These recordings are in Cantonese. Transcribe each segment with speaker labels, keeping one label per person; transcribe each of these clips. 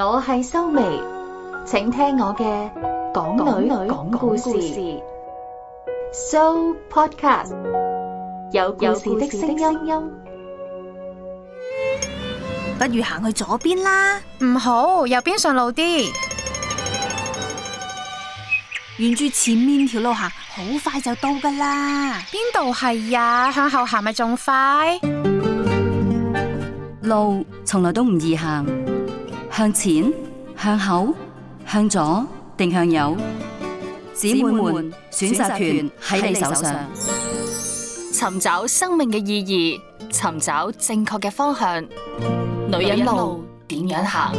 Speaker 1: 我係修眉，請聽我嘅港女女講故事。故事 So Podcast 有故事的聲音。聲音不如行去左邊啦，唔好右邊，順路啲。
Speaker 2: 沿住前面條路行，好快就到㗎喇。邊度係呀？向後行咪仲快？路從來都唔易行。
Speaker 1: 向前、向後、向左定向右，姊妹們選擇權喺你手上。尋找生命嘅意義，尋找正確嘅方向。女人路點
Speaker 2: 樣行？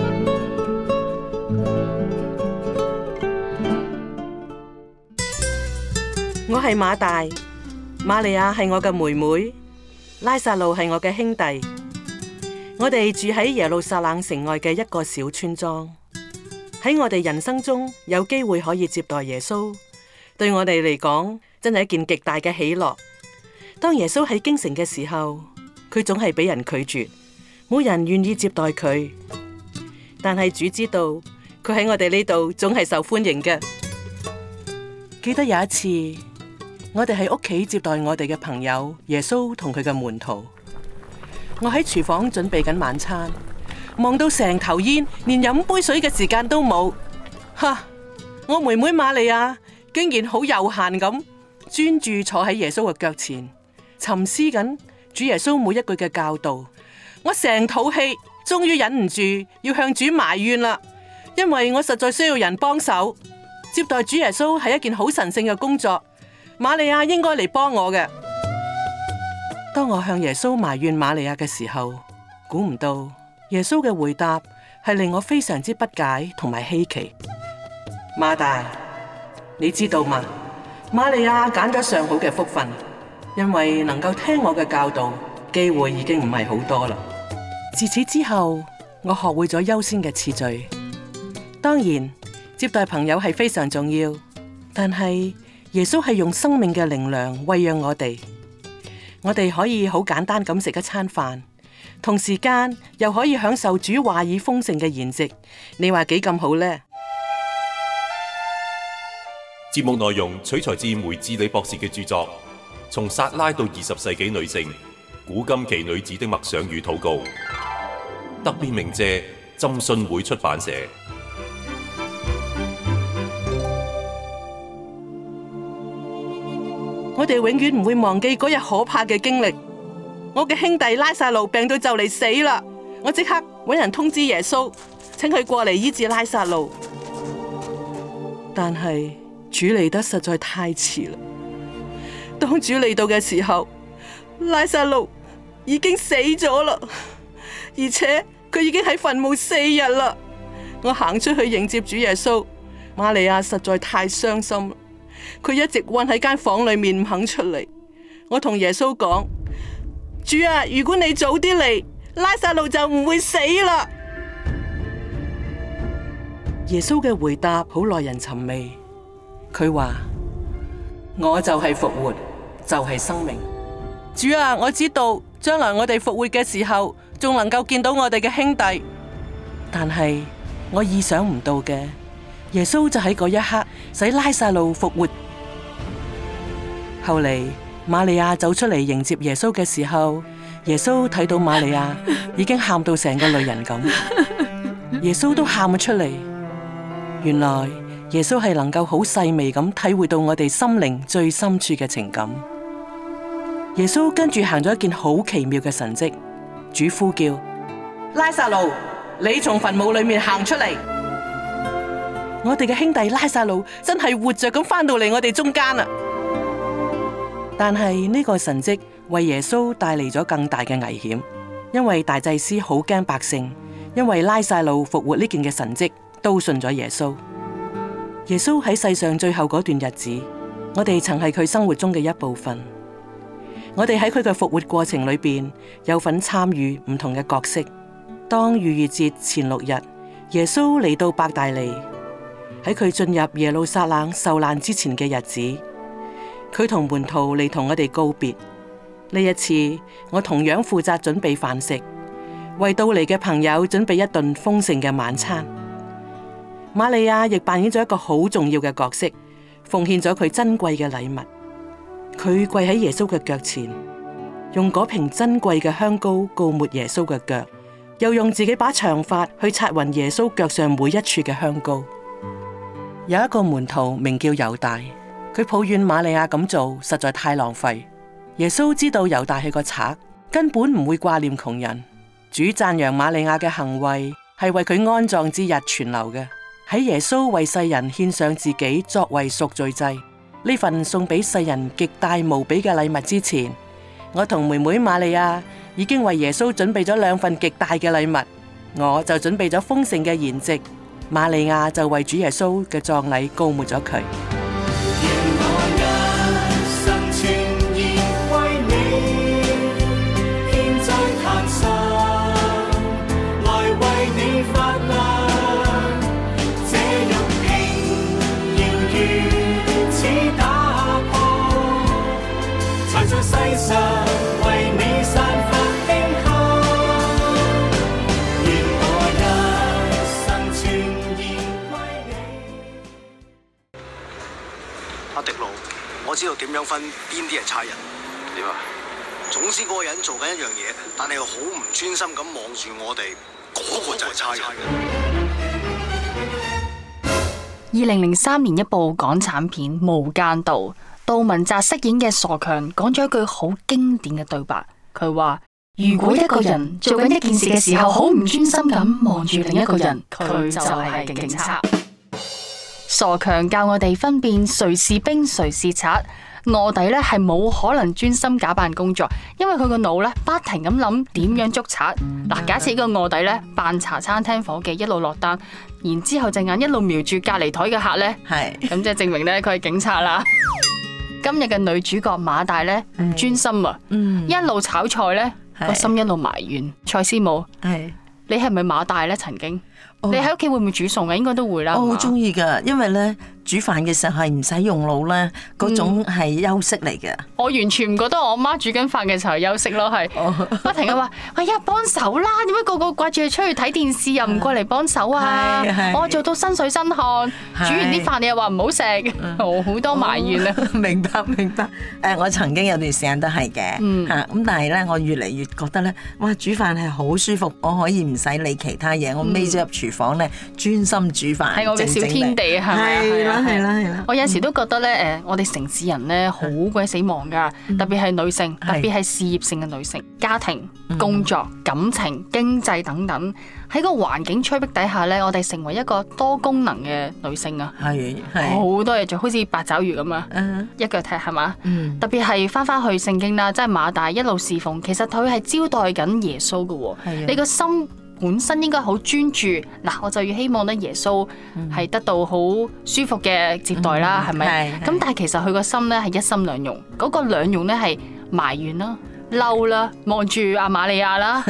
Speaker 2: 我係馬大，瑪利亞係我嘅妹妹，拉撒路係我嘅兄弟。我哋住喺耶路撒冷城外嘅一個小村莊，喺我哋人生中有機會可以接待耶穌，對我哋嚟講真係一件極大嘅喜樂。當耶穌喺京城嘅時候，佢總係俾人拒絕，冇人願意接待佢。但係主知道，佢喺我哋呢度總係受歡迎嘅。記得有一次，我哋喺屋企接待我哋嘅朋友耶穌同佢嘅門徒。我喺廚房準備緊晚餐，望到成頭煙，連飲杯水嘅時間都冇。吓，我妹妹瑪利亞竟然好悠閒咁專注坐喺耶穌嘅腳前，沉思緊主耶穌每一句嘅教導。我成肚氣，終於忍唔住要向主埋怨啦，因為我實在需要人幫手。接待主耶穌係一件好神聖嘅工作。瑪利亞應該嚟幫我嘅。當我向耶穌埋怨瑪利亞嘅時候，估唔到耶穌嘅回答係令我非常之不解同埋稀奇。馬大，你知道嗎？瑪利亞揀咗上好嘅福分，因為能夠聽我嘅教導，機會已經唔係好多啦。自此之後，我學會咗優先嘅次序。當然，接待朋友係非常重要，但係耶穌係用生命嘅靈糧餵養我哋。我哋可以好簡單咁食一餐飯，同時間又可以享受主話語豐盛嘅筵席，你話幾咁好呢？
Speaker 3: 節目內容取材自梅智理博士嘅著作《從撒拉到二十世紀女性：古今奇女子的默想與禱告》，特別鳴謝浸信會出版社。
Speaker 2: 我哋永遠唔會忘記嗰日可怕嘅經歷。我嘅兄弟拉撒路病到就嚟死啦，我即刻搵人通知耶穌，請佢過嚟醫治拉撒路。但係主嚟得實在太遲啦。當主嚟到嘅時候，拉撒路已經死咗啦，而且佢已經喺墳墓四日啦。我行出去迎接主耶穌，瑪利亞實在太傷心了。佢一直困喺間房裏面唔肯出嚟。我同耶穌講：主啊，如果你早啲嚟，拉撒路就唔會死啦。耶穌嘅回答好耐人尋味。佢話：我就係復活，就係生命。主啊，我知道將來我哋復活嘅時候，仲能夠見到我哋嘅兄弟。但係我意想唔到嘅，耶穌就喺嗰一刻使拉撒路復活。後嚟瑪利亞走出嚟迎接耶穌嘅時候，耶穌睇到瑪利亞已經喊到成個女人咁， 耶穌都喊咗出嚟。原來耶穌係能夠好細微咁體會到我哋心靈最深處嘅情感。 耶穌跟住行咗一件好奇妙嘅神蹟，主呼叫拉撒路，你從墳墓裏面行出嚟。我哋嘅兄弟拉撒路真係活着咁翻到嚟我哋中間啦。但係呢、這個神迹為耶穌帶嚟咗更大嘅危險，因為大祭司好驚百姓，因為拉撒路復活呢件嘅神迹都信咗耶穌。耶穌喺世上最後嗰段日子，我哋曾係佢生活中嘅一部分，我哋喺佢嘅復活過程裏邊有份參與唔同嘅角色。當逾越節前六日，耶穌嚟到伯大尼，喺佢進入耶路撒冷受難之前嘅日子。佢同門徒嚟同我哋告別。呢一次，我同樣負責準備飯食，為到嚟嘅朋友準備一頓豐盛嘅晚餐。瑪利亞亦扮演咗一個好重要嘅角色，奉獻咗佢珍貴嘅禮物。佢跪喺耶穌嘅腳前，用嗰瓶珍貴嘅香膏膏抹耶穌嘅腳，又用自己把長髮去擦匀耶穌腳上每一處嘅香膏。有一個門徒名叫猶大。佢抱怨瑪利亞咁做實在太浪費。耶穌知道猶大係個賊，根本唔會掛念窮人。主讚揚瑪利亞嘅行為，係為佢安葬之日存留嘅。喺耶穌為世人獻上自己作為贖罪祭，呢份送俾世人極大無比嘅禮物之前，我同妹妹瑪利亞已經為耶穌準備咗兩份極大嘅禮物。我就準備咗豐盛嘅筵席，瑪利亞就為主耶穌嘅葬禮告沒咗佢。
Speaker 1: 點樣分邊啲係差人？點啊？總之嗰個人做緊一樣嘢，但係又好唔專心咁望住我哋，嗰、嗰個就係差人。二零零三年一部港產片《無間道》，杜汶澤飾演嘅傻強講咗一句好經典嘅對白，佢話：
Speaker 2: 如果一個人做緊一件事嘅時候，好唔專
Speaker 1: 心咁望住另一個人，佢就係警察。傻強教我哋分辨誰是兵誰是，誰是賊。臥底咧係冇可能專心假扮工作，因為佢個腦咧不停咁諗點樣捉賊嗱。假設呢個臥底咧扮茶餐廳伙計，一路落單，然之後隻眼一路瞄住隔籬台嘅客咧，咁是 即係證明咧佢係警察啦。今日嘅女主角馬大咧唔專心啊，一路炒菜咧個心一路埋怨是蔡師母：是「
Speaker 2: 係，
Speaker 1: 你係咪馬大咧？曾
Speaker 3: 經。你喺屋企會唔會煮餸呀？應該都會啦。我好中意噶，因為咧煮飯嘅時候係唔使用腦咧，嗰種係休息嚟嘅。
Speaker 1: 我完全唔覺得我媽煮緊飯嘅時候休息咯，係不停嘅話，哎呀幫手啦！點解個個掛住去出去睇電視又唔過嚟幫手啊？我做到身水身汗，煮完啲飯你又話唔好食，
Speaker 3: 好多埋怨啊！明白明白。誒，我曾經有段時間都係嘅，咁，但係咧我越嚟越覺得咧，哇煮飯係好舒服，我可以唔使理其他嘢，我孭咗入廚房。房咧，專心煮飯，係我嘅小天地，
Speaker 1: 係咪啊？係啦，係啦，係啦。我有時都覺得咧，誒，我哋城市人咧，好鬼死忙噶，特別係女性，特別係事業性嘅女性，家庭、工作、感情、經濟等等，喺個環境催逼底下咧，我哋成為一個多功能嘅女性啊，
Speaker 3: 係，係好
Speaker 1: 多嘢做，好似八爪魚咁啊，一腳踢係嘛，特別係返返去聖經啦，即係馬大一路侍奉，其實佢係招待緊耶穌噶喎，你個心。本身應該好專注，嗱，我就要希望咧，耶穌係得到好舒服嘅接待啦，係咪？咁但係其實佢個心咧係一心兩用，嗰個兩用咧係埋怨啦、嬲啦、望住阿瑪利亞啦、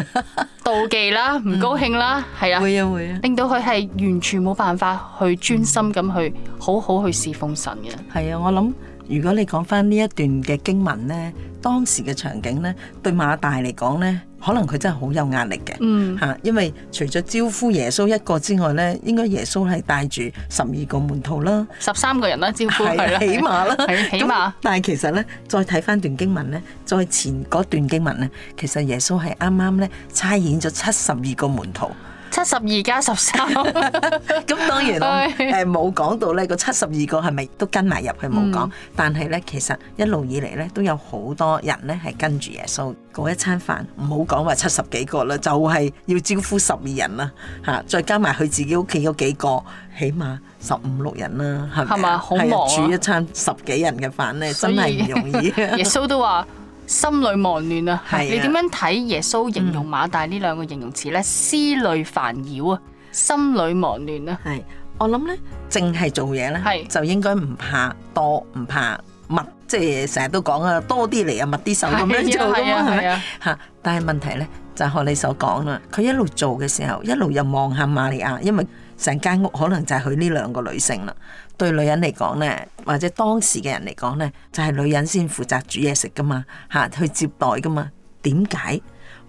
Speaker 1: 妒忌啦、唔高興啦，係啊，會啊會啊，令到佢係完全冇辦法去專心咁去好好去侍奉神
Speaker 3: 嘅。係啊，我諗如果你講返呢一段嘅經文咧，當時嘅場景咧，對馬大嚟講咧。可能佢真係好有壓力嘅，吓、嗯，因為除咗招呼耶穌一個之外咧，應該耶穌係帶住十二個門徒啦，
Speaker 1: 十三個人啦，招呼係起碼啦，起碼
Speaker 3: 的 但係其實呢，再睇翻段經文呢，再前嗰段經文呢，其實耶穌係啱啱呢，差遣咗七十二個門徒。七十二
Speaker 1: 加十三， 咁 當然我
Speaker 3: 誒冇講到咧，個七十二個係咪都跟埋入去冇講？但係咧，其實一路以嚟咧都有好多人咧係跟住耶穌嗰一餐飯，唔好講話七十幾個啦，就係、是、要招呼十二人啦，吓、啊！再加埋佢自己屋企嗰幾個，起碼十五六人啦，係咪啊？係啊，煮一餐十幾人嘅飯咧，以真係唔容易。 耶
Speaker 1: 穌都話。心裏忙亂啊！啊你點樣睇耶穌形容馬大呢兩個形容詞咧？嗯、思慮煩擾啊，
Speaker 3: 心裏忙亂啊！係我諗咧，淨係做嘢咧，是就應該唔怕多，唔怕密，即係成日都講啊，多啲嚟啊，密啲手咁樣做噶嘛，係咪啊？吓、啊，但係問題咧就學你所講啦，佢一路做嘅時候，一路又望下瑪利亞，因為。成間屋可能就係佢呢兩個女性啦，對女人嚟講咧，或者當時嘅人嚟講咧，就係女人先負責煮嘢食噶嘛，吓，去接待噶嘛。點解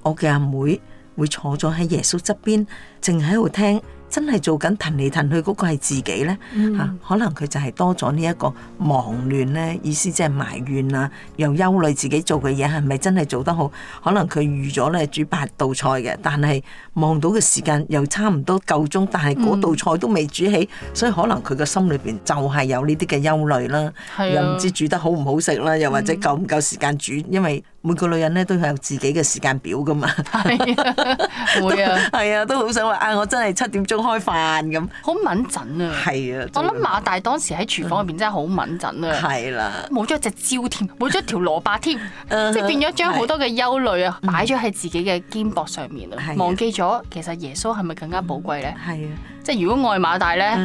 Speaker 3: 我嘅阿妹會坐咗喺耶穌側邊，淨喺度聽？真係做緊騰嚟騰去嗰個係自己咧嚇、嗯啊，可能佢就係多咗呢一個忙亂咧，意思即係埋怨啊，又憂慮自己做嘅嘢係咪真係做得好？可能佢預咗咧煮八道菜嘅，但係望到嘅時間又差唔多夠鐘，但係嗰道菜都未煮起，嗯、所以可能佢個心裏邊就係有呢啲嘅憂慮啦，啊、又唔知煮得好唔好食啦，又或者夠唔夠時間煮，嗯、因為。每個女人咧都係有自己嘅時間表噶嘛，係啊，會啊，係啊，都好想話啊，我真係
Speaker 1: 七點鐘開飯咁，好穩陣啊，啊，係啊，我諗馬大當時喺廚房入邊真係好穩陣啊，係啦，冇咗一隻蕉添，冇咗一條蘿蔔添， 呃、即係變咗將好多嘅憂慮啊，擺咗喺自己嘅肩膊上面，忘記咗其實耶穌係咪更加寶貴咧？係啊。即係如果外馬大咧，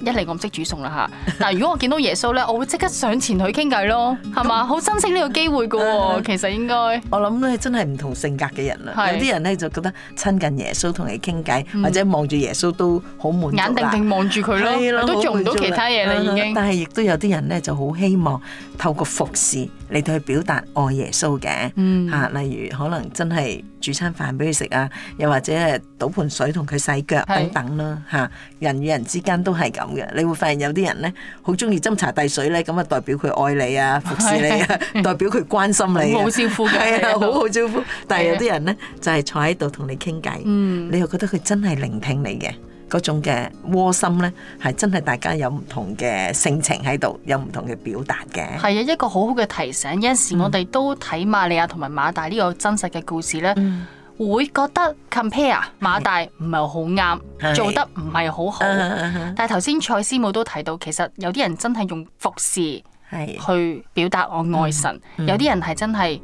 Speaker 1: 一嚟我唔識煮餸啦吓。但係如果我見、uh huh. 到耶穌咧，我會即刻上前去傾偈咯，係嘛 吧，好珍惜呢個機會噶、哦。
Speaker 3: 其實應該我諗咧，真係唔同性格嘅人啦。是有啲人咧就覺得親近耶穌同你傾偈，嗯、或者望住耶穌都好滿足，眼定定望住佢咯，的都做唔到其他嘢啦已經。但係亦都有啲人咧就好希望透過服侍。你對佢表達愛耶穌嘅，嚇、啊，例如可能真係煮餐飯俾佢食啊，又或者係倒盆水同佢洗腳等等啦，嚇、啊，人與人之間都係咁嘅。你會發現有啲人咧，好中意斟茶遞水咧，咁啊代表佢愛你啊，服侍你啊，代表佢關心你。 好招呼雞啊，好好招呼。 但係有啲人咧，就係、是、坐喺度同你傾偈，嗯、你又覺得佢真係聆聽你嘅。嗰種嘅窩心呢，係真係大家有唔同嘅性情喺度，有唔同嘅表達嘅。係啊，
Speaker 1: 一個好好嘅提醒。有陣時我哋都睇瑪利亞同埋馬大呢個真實嘅故事呢，嗯、會覺得 compare 馬大唔係好啱，的做得唔係好好。的嗯、但係頭先蔡師母都提到，其實有啲人真係用服侍去表達我愛神，嗯嗯、有啲人係真係。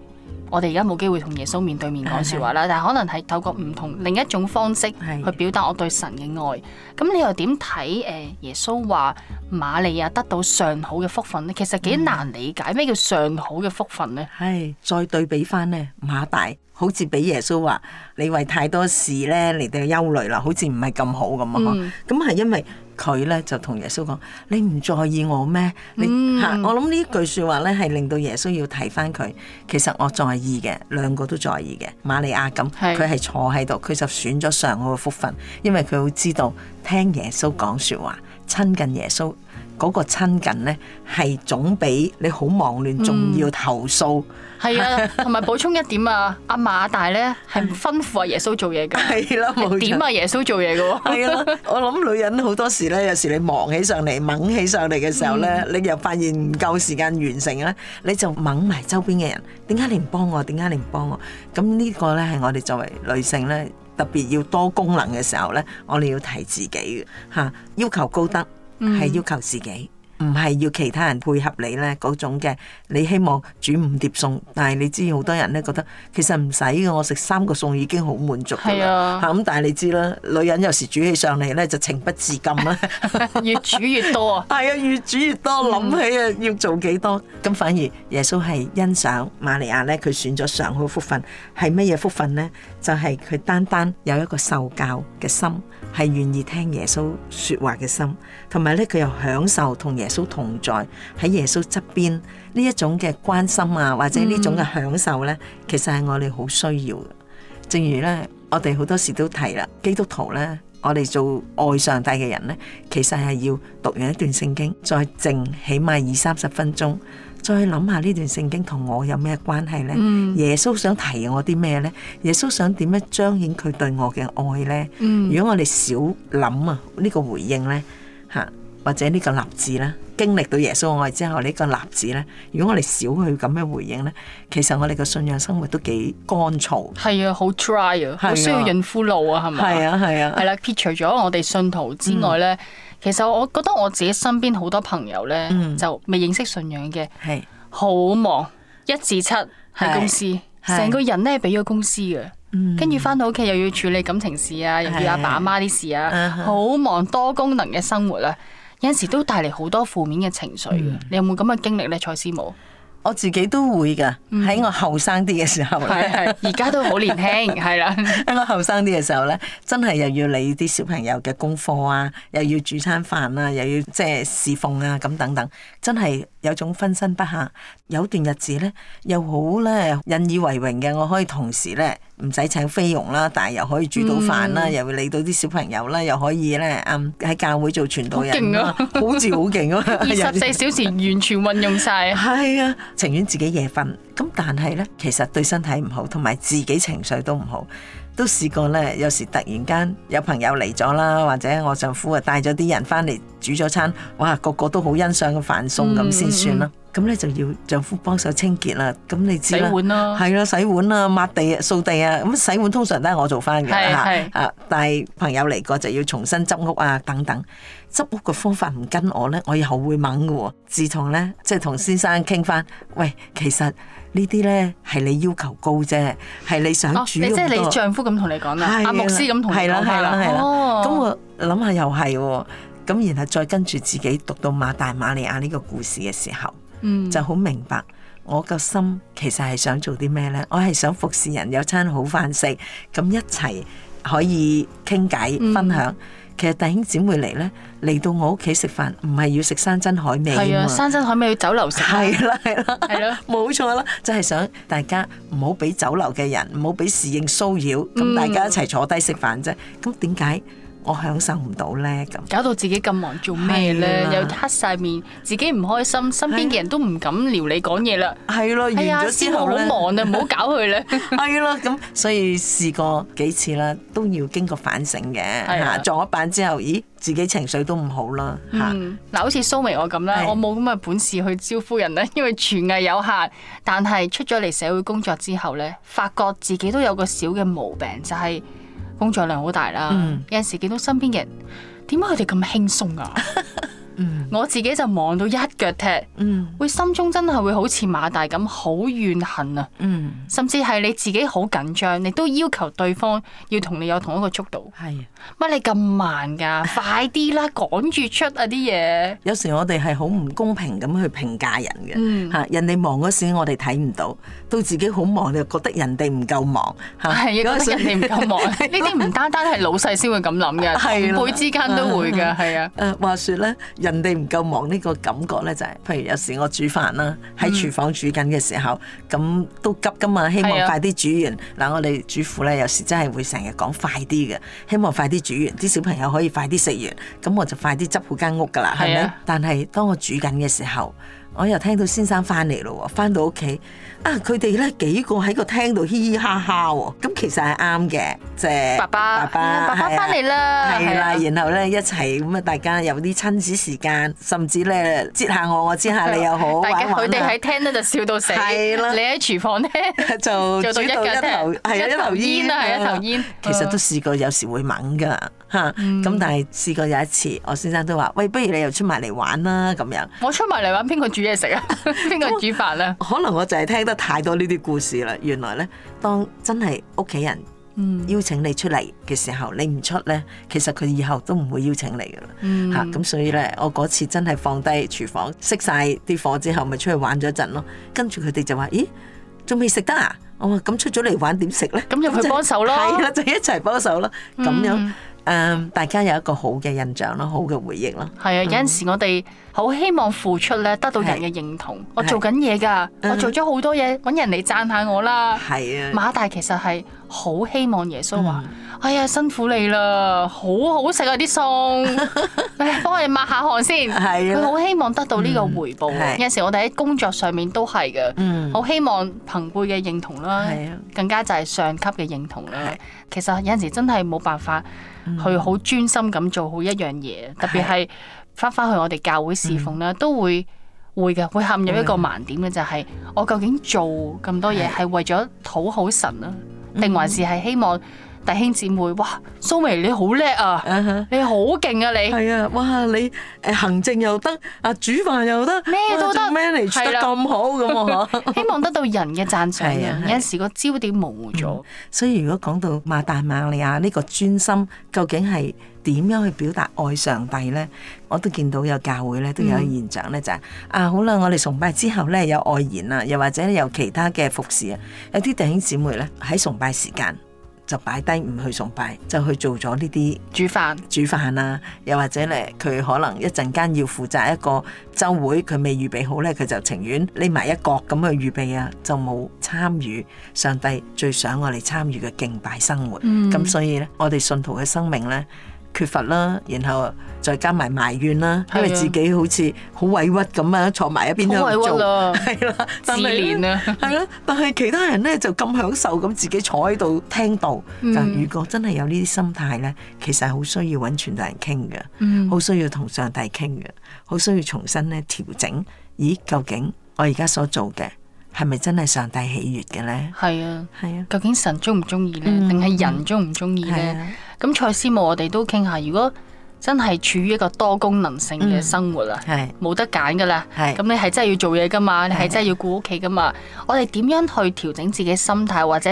Speaker 1: 我哋而家冇機會同耶穌面對面講說話啦，是是但係可能係透過唔同另一種方式去表達我對神嘅愛。咁是你又點睇誒？耶穌話瑪利亞得到上好嘅福
Speaker 3: 分呢？其實幾難理解咩叫上好嘅福分呢。係再對比翻呢，馬大好似俾耶穌話你為太多事呢你哋憂慮啦，好似唔係咁好咁啊？咁係、嗯、因為。佢咧就同耶穌講：你唔在意我咩？嚇、嗯啊！我諗呢句説話咧係令到耶穌要提翻佢。其實我在意嘅，兩個都在意嘅。瑪利亞咁，佢係是坐喺度，佢就選咗上個福分，因為佢會知道聽耶穌講説話，親近耶穌。嗰個親近咧，係總比你好忙亂，仲要投訴。係啊，同埋補充一點啊，
Speaker 1: 阿馬大咧係吩咐阿耶穌做嘢㗎。係啦，冇錯。點阿耶穌做嘢嘅喎。係啦，
Speaker 3: 我諗女人好多時咧，有時你忙起上嚟，掹起上嚟嘅時候咧，你又發現唔夠時間完成咧，你就掹埋周邊嘅人。點解你唔幫我？點解你唔幫我？咁呢個咧係我哋作為女性咧，特別要多功能嘅時候咧，我哋要提自己嘅嚇，要求高得。係要求自己，唔係、嗯、要其他人配合你咧嗰種嘅。你希望煮五碟餸，但係你知好多人咧覺得，其實唔使嘅。我食三個餸已經好滿足噶啦。咁、啊，但係你知啦，女人有時煮起上嚟咧就情不自禁啦， 越煮越多啊！係 啊，越煮越多，諗、嗯、起啊要做幾多？咁反而耶穌係欣賞瑪利亞咧，佢選咗上好福分，係乜嘢福分咧？就係佢單單有一個受教嘅心，係願意聽耶穌說話嘅心，同埋咧佢又享受同耶穌同在喺耶穌側邊呢一種嘅關心啊，或者呢種嘅享受咧，其實係我哋好需要嘅。正如咧，我哋好多時都提啦，基督徒咧，我哋做愛上帝嘅人咧，其實係要讀完一段聖經，再靜起碼二三十分鐘。再去諗下呢段聖經同我有咩關係咧？嗯、耶穌想提我啲咩咧？耶穌想點樣彰顯佢對我嘅愛咧、嗯這個？如果我哋少諗啊，呢個回應咧，吓或者呢個立志咧，經歷到耶穌愛之後呢個立志咧，如果我哋少去咁樣回應咧，其實我哋嘅信仰生活都幾乾燥。係啊，好 dry 啊，好需要潤
Speaker 1: 膚露啊，係咪吧？係啊，
Speaker 3: 係啊，係啦、啊，撇、啊、除咗
Speaker 1: 我哋信徒之外咧。嗯其實我覺得我自己身邊好多朋友咧，嗯、就未認識信仰嘅，好是忙，一至七喺公司，成個人咧俾咗公司嘅，跟住翻到屋企又要處理感情事啊，是又要阿爸阿媽啲事啊，好忙，多功能嘅生活啦、啊，有陣時都帶嚟好多負面嘅情緒嘅，你
Speaker 3: 有冇咁嘅經歷咧，蔡思慕？我自己都會㗎，喺、嗯、我後生啲嘅時候咧，而家都好年輕，係啦。喺 我後生啲嘅時候咧，真係又要理啲小朋友嘅功課啊，又要煮餐飯啊，又要即係侍奉啊，咁等等，真係有種分身不暇。有段日子咧，又好咧引以為榮嘅，我可以同時咧。唔使請菲傭啦，但係又可以煮到飯啦，嗯、又會理到啲小朋友啦，又可以咧，喺教會做傳道人，好似好勁啊！二十四、啊、 小時完全運用晒，係 啊，情願自己夜瞓。咁但係咧，其實對身體唔好，同埋自己情緒都唔好。都試過咧，有時突然間有朋友嚟咗啦，或者我丈夫啊帶咗啲人翻嚟煮咗餐，哇，個個都好欣賞嘅飯餸咁先算啦。嗯嗯。咁咧就要丈夫幫手清潔啦。咁你知啦，係啦、啊，洗碗啊、抹地，地啊、掃地啊。咁洗碗通常都係我做翻嘅嚇。啊，但係朋友嚟過就要重新執屋啊，等等執屋嘅方法唔跟我咧，我以後會猛嘅。自從咧即係同先生傾翻，喂，其實呢啲咧係你要求高啫，係你想主。哦、即係你丈
Speaker 1: 夫咁同你講啦，阿、啊啊、牧師咁同你講啦，係啦係啦。咁我
Speaker 3: 諗下又係咁、啊，哦、然後再跟住自己讀到馬大馬利亞呢個故事嘅時候。就好明白，我個心其實係想做啲咩呢？我係想服侍人有餐好飯食，咁一齊可以傾偈分享。嗯、其實弟兄姊妹嚟呢，嚟到我屋企食飯，唔係要食山珍海味啊！係啊，山珍海味去酒樓食係啦，係啦、啊，係咯、啊，冇、啊、 錯啦，就係、係、想大家唔好俾酒樓嘅人，唔好俾侍應騷擾，咁大家一齊坐低食飯啫。咁點解？我享受唔到咧，咁搞到自己咁忙做咩咧？呢啊、又黑
Speaker 1: 晒面，自己唔開心，身邊嘅
Speaker 3: 人都唔敢撩你講嘢啦。係咯、啊，完咗之後、哎、好忙 啊，唔好搞佢咧。係咯，咁所以試過幾次啦，都要經過反省嘅嚇、啊啊。撞咗板之後，咦，自己情緒都唔好啦嗱，好似、嗯啊、蘇眉我咁啦，啊、我冇咁嘅本事
Speaker 1: 去招呼人咧，因為廚藝有限。但係出咗嚟社會工作之後咧，發覺自己都有個小嘅毛病，就係、是。工作量好大啦，嗯、有陣時見到身邊嘅人，點解佢哋咁輕鬆啊？ 我自己就忙到一腳踢，會心中真係會好似馬大咁好怨恨啊！甚至係你自己好緊張，你都要求對方要同你有同一個速度。係乜你咁慢
Speaker 3: 㗎？快啲啦，趕住出啊啲嘢！有時我哋係好唔公平咁去評價人嘅嚇，人哋忙嗰時我哋睇唔到，到自己好忙你又覺得人哋唔夠忙嚇，覺得人哋唔夠忙。呢啲唔單單係老細先會咁諗嘅，年輩之間都會嘅，係啊。誒，話説咧。人哋唔夠忙呢個感覺咧、就是，就係譬如有時我煮飯啦，喺廚房煮緊嘅時候，咁、嗯、都急噶嘛，希望快啲煮完。嗱、啊啊，我哋主婦咧有時真係會成日講快啲嘅，希望快啲煮完，啲小朋友可以快啲食完，咁我就快啲執好間屋噶啦，係咪？啊、但係當我煮緊嘅時候。我又聽到先生翻嚟咯喎，翻到屋企啊，佢哋咧幾個喺個廳度嘻嘻哈哈喎，咁其實係啱嘅，即係爸爸爸爸爸爸翻嚟啦，係啦，然後咧一齊咁啊，大家有啲親子時間，甚至咧接下我，我接下你又好，佢哋喺廳咧就笑到死，你喺廚房咧就做到一頭煙，係一頭煙，其實都試過有時會猛㗎。吓咁，嗯、但係試過有一次，我先生都話：喂，不如你又出埋嚟玩啦，咁樣。我出埋嚟玩，邊個煮嘢食啊？邊個煮飯啊？ 可能我就係聽得太多呢啲故事啦。原來咧，當真係屋企人邀請你出嚟嘅時候，嗯、你唔出咧，其實佢以後都唔會邀請你噶啦。吓咁、嗯，啊、所以咧，我嗰次真係放低廚房，熄晒啲火之後，咪出去玩咗一陣咯。跟住佢哋就話：咦，仲未食得啊？我話：咁出咗嚟玩點食咧？咁入、嗯、就去幫手咯，係啦，就一齊幫手咯，咁樣。嗯。誒，大家有一個好嘅印象咯，好嘅回憶咯。係啊，有陣時我哋好希望付出咧，得到人嘅
Speaker 1: 認同。我做緊嘢噶，我做咗好多嘢，搵人嚟讚下我啦。係啊，馬大其實係好希望耶穌話：哎呀，辛苦你啦，好好食啊啲餸，幫我哋抹下汗先。係啊，佢好希望得到呢個回報。有陣時我哋喺工作上面都係嘅，好希望朋輩嘅認同啦，更加就係上級嘅認同啦。其實有陣時真係冇辦法。佢好專心咁做好一樣嘢，是的 特別係返返去我哋教會侍奉咧，是的 都會會嘅，會陷入一個盲點嘅是的 就係，我究竟做咁多嘢係是的 為咗討好神啊，定還是係希望？弟兄姊妹，哇！蘇眉你好叻啊，你好勁啊！Uh huh. 你係啊，啊，哇！你誒行政又得，啊煮飯又得，咩都得，咩都 manage 得咁好咁喎？
Speaker 3: 希望得到人嘅讚賞啊，啊有時個焦點模糊咗、嗯，所以如果講到馬大馬利亞呢個專心，究竟係點樣去表達愛上帝咧？我都見到有教會咧，都有現象咧，嗯、就係、是、啊，好啦，我哋崇拜之後咧，有外延啊，又或者有其他嘅服侍啊，有啲弟兄姊妹咧喺崇拜時間，就擺低唔去崇拜，就去做咗呢啲煮飯、煮飯啊，又或者咧，佢可能一陣間要負責一個周會，佢未預備好咧，佢就情願匿埋一角咁去預備啊，就冇參與上帝最想我哋參與嘅敬拜生活。咁、嗯、所以咧，我哋信徒嘅生命咧。缺乏啦，然後再加埋埋怨啦，因為自己好似好委屈咁 是啊，坐埋一邊都做，係啦，
Speaker 2: 自憐啊，係
Speaker 3: 啦。但係其他人咧就咁享受咁，自己坐喺度聽到，就、嗯、如果真係有呢啲心態咧，其實好需要揾傳道人傾嘅，好、嗯、需要同上帝傾嘅，好需要重新咧調整。咦，究竟我而家所做嘅？係咪真係上帝喜悅嘅咧？係啊，
Speaker 1: 係啊。究竟神鍾唔鍾意咧？定係、嗯、人鍾唔鍾意咧？咁、啊、蔡師母，我哋都傾下。如果真係處於一個多功能性嘅生活、嗯、啊，係冇得揀噶啦。係咁，你係真係要做嘢噶嘛？你係真係要顧屋企噶嘛？啊、我哋點樣去調整自己心態，或者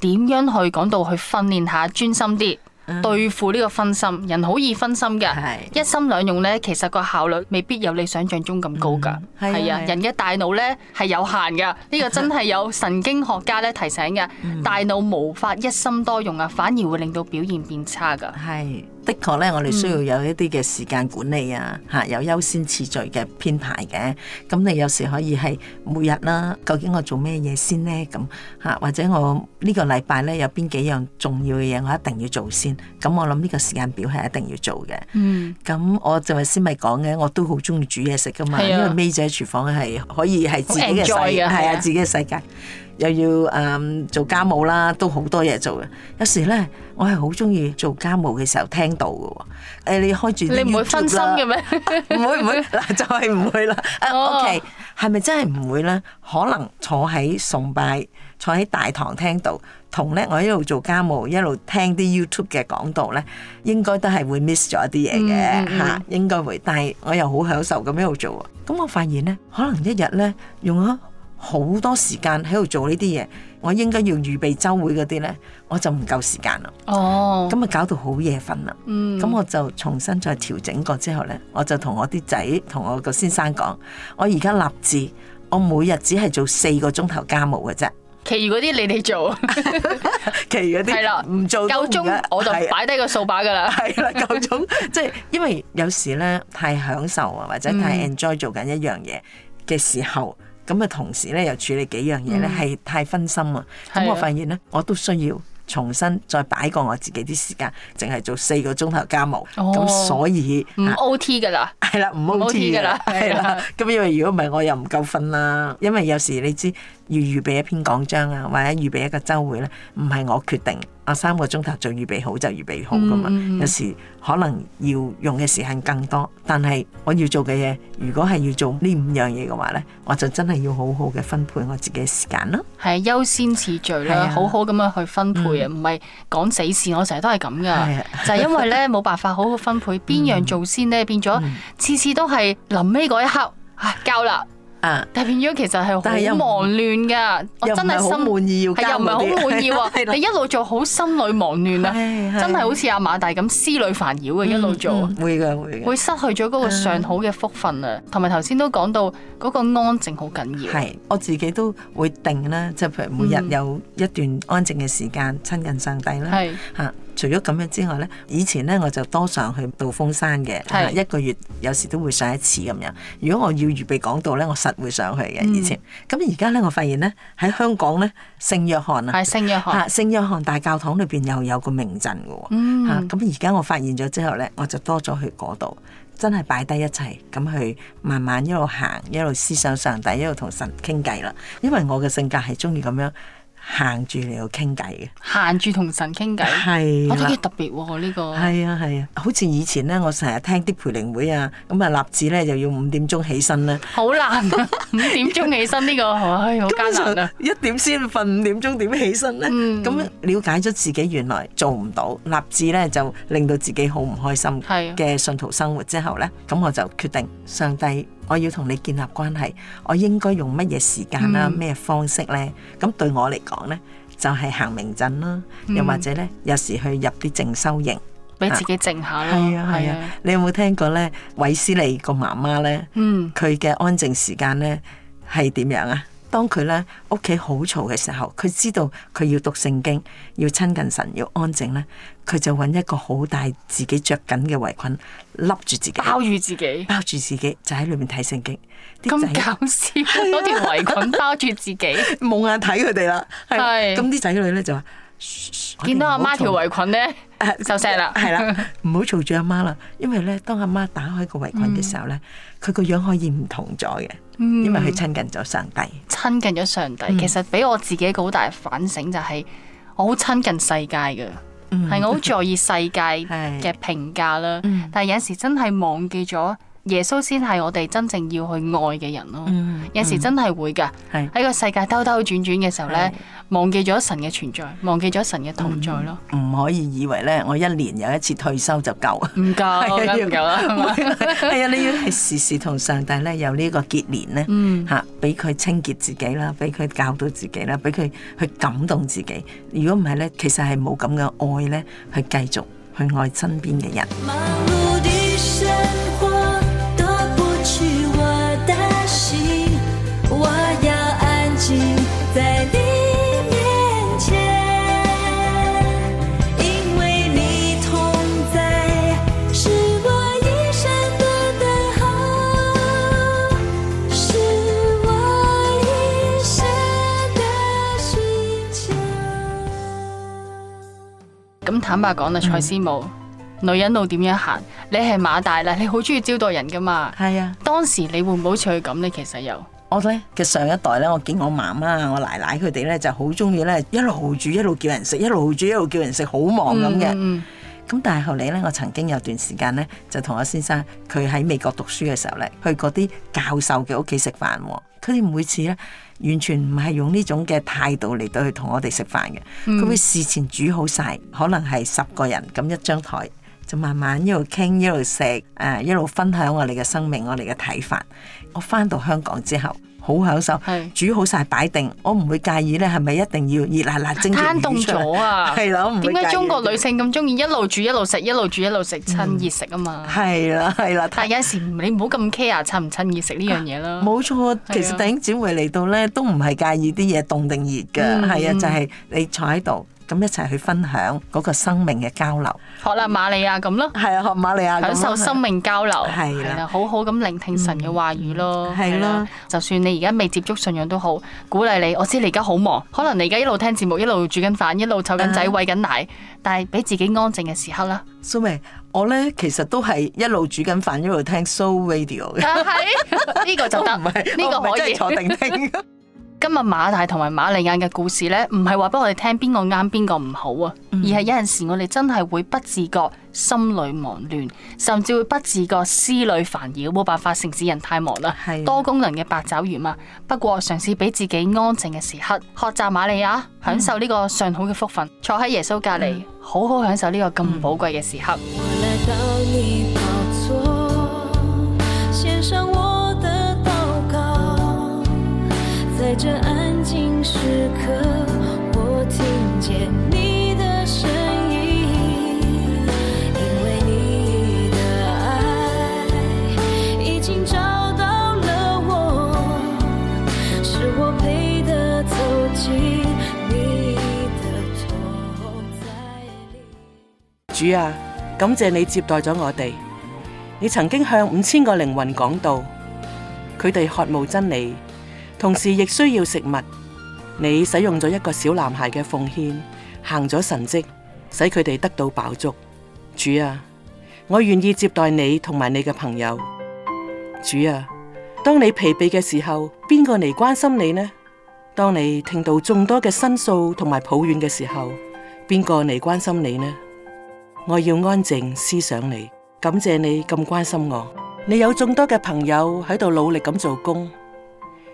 Speaker 1: 點樣去講道去訓練下專心啲？嗯、對付呢個分心，人好易分心嘅，是一心兩用呢，其實個效率未必有你想像中咁高㗎。係、嗯、啊，人嘅大腦呢係有限嘅，呢、這個真係有神經學家咧提醒嘅， 嗯、大腦無法一心多用啊，反而會令到表現變差㗎。係。
Speaker 3: 的確咧，我哋需要有一啲嘅時間管理、嗯、啊，吓有優先次序嘅編排嘅。咁你有時可以係每日啦，究竟我做咩嘢先呢？咁吓、啊、或者我個呢個禮拜咧有邊幾樣重要嘅嘢，我一定要做先。咁我諗呢個時間表係一定要做嘅。嗯。咁、啊、我就係先咪講嘅，我都好中意煮嘢食噶嘛，啊、因為妹仔喺廚房係可以係自己嘅世界係啊，啊，啊，自己嘅世界。又要誒做家務啦，都好多嘢做嘅。有時咧，我係好中意做家務嘅時候聽到嘅喎。誒，你開住，你唔會分心嘅咩？
Speaker 1: 唔會唔會
Speaker 3: 嗱，就係唔會啦。誒，OK，係咪真係唔會咧？可能坐喺崇拜，坐喺大堂聽到，同咧我一路做家務一路聽啲 YouTube 嘅講道咧，應該都係會 miss 咗一啲嘢嘅嚇，應該會。但係我又好享受咁喺度做啊。咁我發現咧，可能一日咧用咗。好多時間喺度做呢啲嘢，我應該要預備周會嗰啲咧，我就唔夠時間啦。哦，咁咪搞到好夜瞓啦。嗯，咁我就重新再調整過之後咧，我就同我啲仔同我個先生講，我而家立志，我每日只係做四個鐘頭家務嘅啫。
Speaker 1: 其餘嗰啲你哋做。
Speaker 3: 其餘嗰啲。係啦，唔做夠
Speaker 1: 鐘，我就擺低個掃把㗎啦。係 啦，
Speaker 3: 夠鐘，即係因為有時咧太享受啊，或者太 enjoy、嗯、做緊一樣嘢嘅時候。咁啊，同時咧又處理幾樣嘢咧，係太分心啊！咁、嗯、我發現咧，我都需要重新再擺過我自己啲時間，淨係做四個鐘頭家務。咁、哦、所以唔 O.T. 噶啦，係啦，唔 O.T. 噶啦，係啦。咁的 因為如果唔係，我又唔夠分啦。因為有時你知要預備一篇講章啊，或者預備一個週會咧，唔係我決定。三個鐘頭就預備好就預備好噶嘛，嗯、有時可能要用嘅時間更多，但係我要做嘅嘢，如果係要做呢五樣嘢嘅話咧，我就真係要好好嘅分配我自己嘅時間咯。
Speaker 1: 係啊，優先次序啦，啊、好好咁樣去分配啊，唔係講死事，我成日都係咁噶。啊、就係因為咧冇 辦法好好分配邊樣做先咧，變咗次次都係臨尾嗰一刻啊，夠啦！啊！但係變咗其實係好忙亂噶，我真係心滿意又唔係好滿意喎。你一路做好，心裏忙亂啊，真係好似阿馬大咁思慮煩擾嘅一路
Speaker 3: 做，會嘅，會。會失去咗嗰個上
Speaker 1: 好嘅福分啦，同埋頭先都講到嗰個
Speaker 3: 安靜好緊要。係，我自己都會定啦，即係譬如每日有一段安靜嘅時間親近上帝啦，吓。除咗咁樣之外咧，以前咧我就多上去道風山嘅，的一個月有時都會上一次咁樣。如果我要預備講道咧，我實會上去嘅。嗯、以前咁而家咧，我發現咧喺香港咧，聖約翰啊，聖約翰，聖約翰，聖約翰大教堂裏邊又有個名鎮嘅喎。嚇、嗯！咁而家我發現咗之後咧，我就多咗去嗰度，真係擺低一切咁去，慢慢一路行，一路思想上帝，一路同神傾偈啦。因為我嘅性格係中意咁樣。行住嚟度傾偈嘅，行住同神傾偈，我哋幾特別喎呢個，係啊係啊，好似以前咧，我成日聽啲培靈會啊，咁啊立志咧就要五點鐘起身咧， 好難啊，五點鐘起身呢、 呢個係啊、哎，好艱難啊，一點先瞓，五點鐘點起身咧？咁、嗯、了解咗自己原來做唔到立志咧，就令到自己好唔開心嘅信徒生活之後咧，咁、啊、我就決定上帝。我要同你建立關係，我應該用乜嘢時間啊？咩方式咧？咁、嗯、對我嚟講咧，就係、是、行明鎮啦，嗯、
Speaker 1: 又或者咧，
Speaker 3: 有時去入啲靜修營，俾自己靜
Speaker 1: 下咯。係啊係啊，
Speaker 3: 你有冇聽過咧？韋斯利個媽媽咧，嗯，佢嘅安靜時間咧係點樣啊？當佢咧屋企好嘈嘅時候，佢知道佢要讀聖經，要親近神，要安靜咧，佢就搵一個好大自己着緊嘅圍裙，笠住自己，包住自己，包住自己，就喺裏面睇聖經。咁搞笑，攞條圍裙包住自己，冇 眼睇佢哋啦。係，咁啲仔女咧就話。見噓到阿媽條圍裙咧，
Speaker 1: 收聲啦，係 啦，唔
Speaker 3: 好嘈住阿媽啦。因為咧，當阿媽打開個圍裙嘅時候咧，佢個、嗯、樣可以唔同咗嘅，
Speaker 2: 因為佢親
Speaker 3: 近咗上帝。
Speaker 1: 親近咗上帝，嗯、其實俾我自己一個好大嘅反省、就是，就係我好親近世界嘅，
Speaker 3: 係、嗯、我好
Speaker 1: 在意世界嘅評價啦。是嗯、但係有陣時真係忘記咗。耶穌先係我哋真正要去愛嘅人咯。有時真係會㗎，喺個世界兜兜轉轉嘅時候呢，忘記咗神嘅存在，忘記咗神嘅同在咯。
Speaker 3: 唔可以以為呢，我一年有一次退休就夠。唔夠，要夠啦。係啊，你要係時時同上帝呢有呢個結連呢嚇，俾佢清潔自己啦，俾佢教導自己啦，俾佢去感動自己。如果唔係呢，其實係冇咁嘅愛呢，去繼續去愛身邊嘅人。
Speaker 1: 坦白講啦，蔡師母，嗯、女人路點樣行？你係馬大啦，你好中意招待人噶嘛？係啊。當時你會唔會好似佢咁咧？其實又，
Speaker 3: 我咧嘅上一代咧，我見我媽媽、我奶奶佢哋咧就好中意咧一路煮、一路叫人食，一路煮、一路叫人食，好忙咁嘅。咁、嗯嗯、但係後嚟咧，我曾經有段時間咧，就同我先生佢喺美國讀書嘅時候咧，去嗰啲教授嘅屋企食飯，佢哋每次咧。完全唔係用呢種嘅態度嚟到去同我哋食飯嘅，佢會事前煮好晒，可能係十個人咁一張枱，就慢慢一路傾一路食，誒一路分享我哋嘅生命，我哋嘅睇法。我返到香港之後。好享受，口是煮好晒擺定，我唔會介意咧，係咪一定要熱辣辣蒸煮出嚟，攤凍咗啊！係咯，唔點解中
Speaker 1: 國女性咁中意一路煮一路食，一路煮一路食，趁熱食啊嘛！
Speaker 3: 係啦、嗯，係啦，但有時你唔好咁 care，趁唔趁熱食呢樣嘢咯。冇、啊、錯，其實弟兄姊妹嚟到咧，的都唔係介意啲嘢凍定熱嘅，係啊、嗯，就係、是、你坐喺度。咁一齊去分享嗰個生命嘅交流，
Speaker 1: 學阿瑪利亞咁咯，係啊，學瑪利亞咁享受生命交流，係啊，啊，好好咁聆聽神嘅話語咯，係咯、嗯啊啊。就算你而家未接觸信仰都好，鼓勵你。我知你而家好忙，可能你而家一路聽節目，一路煮緊飯，一路湊緊仔餵緊、啊、奶，但係俾自己安靜嘅時候啦。
Speaker 3: 蘇眉，我咧其實都係一路煮緊飯一路聽 Soul Radio 嘅，
Speaker 1: 啊係，呢個就得，呢個唔係，呢個唔係坐定定。 今日馬大同埋馬利亞嘅故事呢，唔係話俾我哋聽邊個啱，邊個唔好啊，而係有陣時我哋真係會不自覺心裏忙亂，甚至會不自覺思慮煩擾。冇辦法，城市人太忙啦，的多功能嘅八爪魚嘛。不過我嘗試俾自己安靜嘅時刻，學習馬利亞，嗯、享受呢個上好嘅福分，坐喺耶穌隔籬，嗯、好好享受呢個咁寶貴嘅時刻。
Speaker 3: 嗯
Speaker 2: 主啊，感謝你接待咗我哋。你曾經向五千個靈魂講道，佢哋渴慕真理。同時亦需要食物，你使用咗一個小男孩嘅奉獻，行咗神蹟，使佢哋得到飽足。主啊，我願意接待你同埋你嘅朋友。主啊，當你疲憊嘅時候，邊個嚟關心你呢？當你聽到眾多嘅申訴同埋抱怨嘅時候，邊個嚟關心你呢？我要安靜思想你，感謝你咁關心我。你有眾多嘅朋友喺度努力咁做工。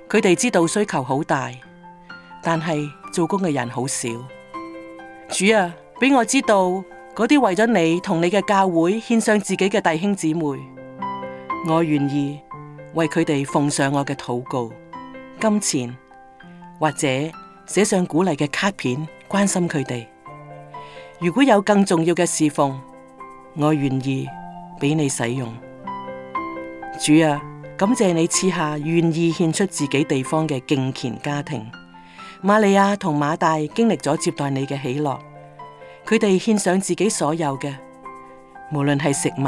Speaker 2: 佢哋知道需求好大，但係做工嘅人好少。主啊，俾我知道嗰啲為咗你同你嘅教會獻上自己嘅弟兄姊妹，我願意為佢哋奉上我嘅禱告、金錢或者寫上鼓勵嘅卡片，關心佢哋。如果有更重要嘅侍奉，我願意俾你使用。主啊！感謝你賜下願意獻出自己地方嘅敬虔家庭，瑪利亞同馬大經歷咗接待你嘅喜樂，佢哋獻上自己所有嘅，無論係食物、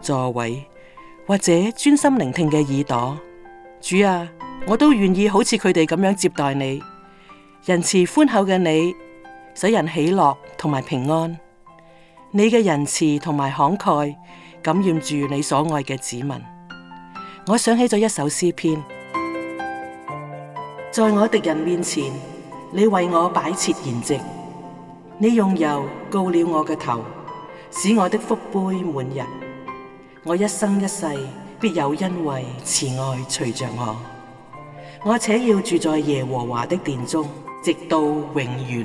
Speaker 2: 座位或者專心聆聽嘅耳朵。主啊，我都願意好似佢哋咁樣接待你，仁慈寬厚嘅你，使人喜樂同埋平安。你嘅仁慈同埋慷慨感染住你所愛嘅子民。我想起咗一首詩篇，在我敵人面前，你為我擺設筵席，你用油膏了我嘅頭，使我的福杯滿溢。我一生一世必有恩惠慈愛隨着我，我且要住在耶和華的殿中，直到永遠。